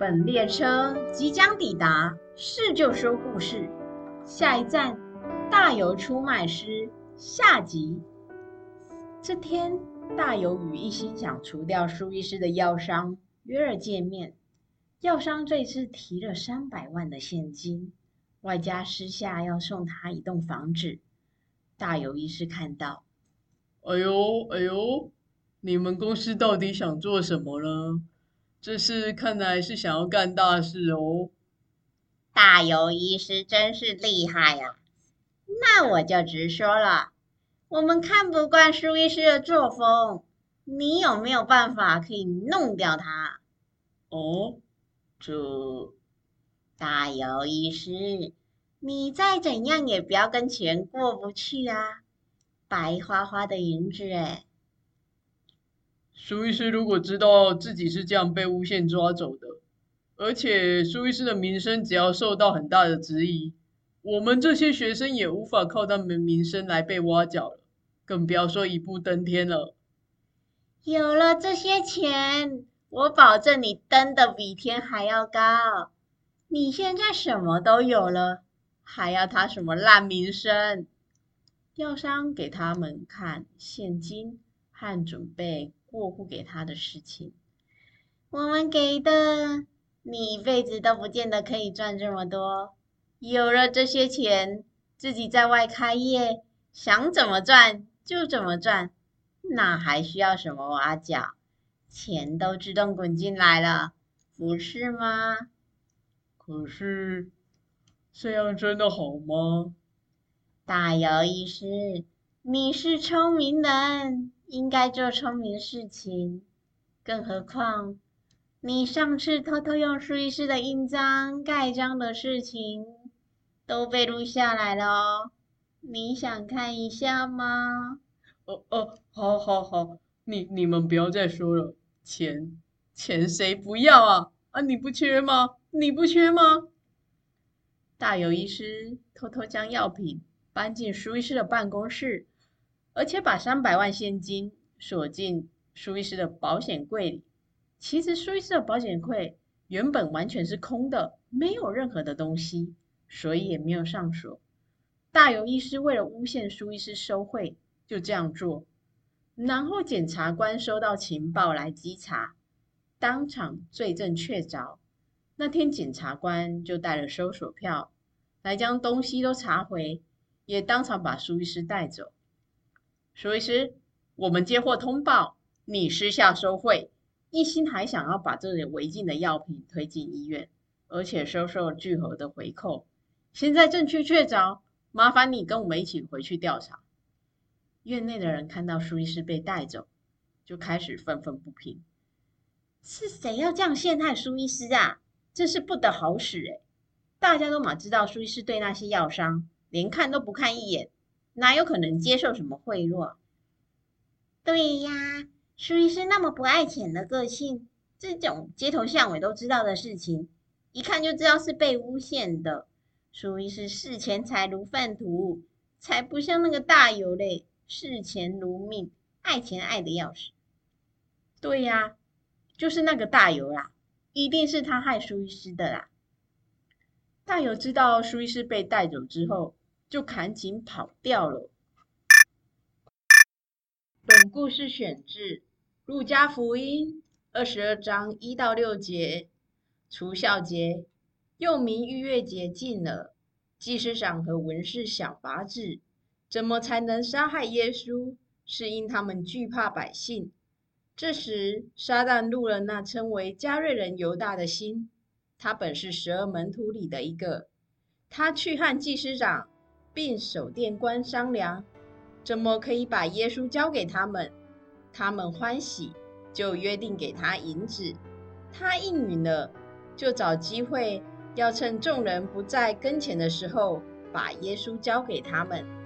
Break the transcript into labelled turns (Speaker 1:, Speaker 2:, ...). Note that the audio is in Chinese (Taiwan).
Speaker 1: 本列車即將抵達，是就說故事。下一站，大猶出賣師下集。這天，大猶與一心想除掉蘇醫師的藥商約了見面。藥商這次提了三百萬的現金，外加私下要送他一棟房子。大猶醫師看到，哎呦哎呦，你們公司
Speaker 2: 到底想做什麼呢？這事看來是想要幹大事哦，
Speaker 1: 大猶醫師真是厲害呀！啊！那我就直說了，我們看不慣蘇醫師的作風，你有沒有辦法可以弄掉他？哦，這主大猶醫師，你再怎樣也不要跟錢過不去啊，白花花的銀子哎。蘇
Speaker 2: 醫師如果知道自己是這樣被誣陷抓走的，而且蘇醫師的名聲只要受到很大的質疑，我們這些學生也無法靠他們的名聲來被挖角了，更不要說一步登天了。
Speaker 1: 有了這些錢，我保證你登的比天還要高。你現在什麼都有了，還要他什麼爛名聲？藥商給他們看現金和準備過戶給他的事情，我們給的，你一輩子都不見得可以賺這麼多。有了這些錢，自己在外開業，想怎麼賺就怎麼賺，那還需要什麼挖角？錢都自動滾進來了，不是嗎？可是，這樣真的好嗎？大猶醫師，你是聰明人。應該做聰明的事情，更何況你上次偷偷用舒醫師的印章蓋章的事情都被錄下來了哦。你想看一下嗎？哦
Speaker 2: 哦，好，好，好，你你們不要再說了。錢錢誰不要啊？啊，你不缺嗎？你不缺嗎？
Speaker 1: 大猶醫師偷偷將藥品搬進舒醫師的辦公室。而且把三百萬現金鎖進蘇醫師的保險櫃裡。其實蘇醫師的保險櫃原本完全是空的，沒有任何的東西，所以也沒有上鎖。大猶醫師為了誣陷蘇醫師收賄，就這樣做。然後檢察官收到情報來稽查，當場罪證確鑿。那天檢察官就帶了搜索票，來將東西都查回，也當場把蘇醫師帶走。蘇醫師，我們接獲通報，你私下收賄，一心還想要把這裡違禁的藥品推進醫院，而且收受巨額的回扣。現在證據確鑿，麻煩你跟我們一起回去調查。院內的人看到蘇醫師被帶走，就開始憤憤不平：是誰要這樣陷害蘇醫師啊？真是不得好死誒、欸、大家都嘛知道蘇醫師對那些藥商連看都不看一眼。哪有可能接受什麼賄賂啊？對呀，舒醫師那麼不愛錢的個性，這種街頭巷尾都知道的事情，一看就知道是被誣陷的。舒醫師視錢財如糞土，才不像那個大猶嘞，視錢如命，愛錢愛的要死。對呀，就是那個大猶啦，一定是他害舒醫師的啦。大猶知道舒醫師被帶走之後。嗯就趕緊跑掉了。本故事選自《路加福音》二十二章一到六節。除酵節又名逾越節近了，祭司長和文士想法子，怎麼才能殺害耶穌？是因他們懼怕百姓。這時，撒旦入了那稱為加略人猶大的心，他本是十二門徒裡的一個，他去和祭司長。並守殿官商量，怎麼可以把耶穌交給他們？他們歡喜，就約定給他銀子。他應允了，就找機會，要趁眾人不在跟前的時候，把耶穌交給他們。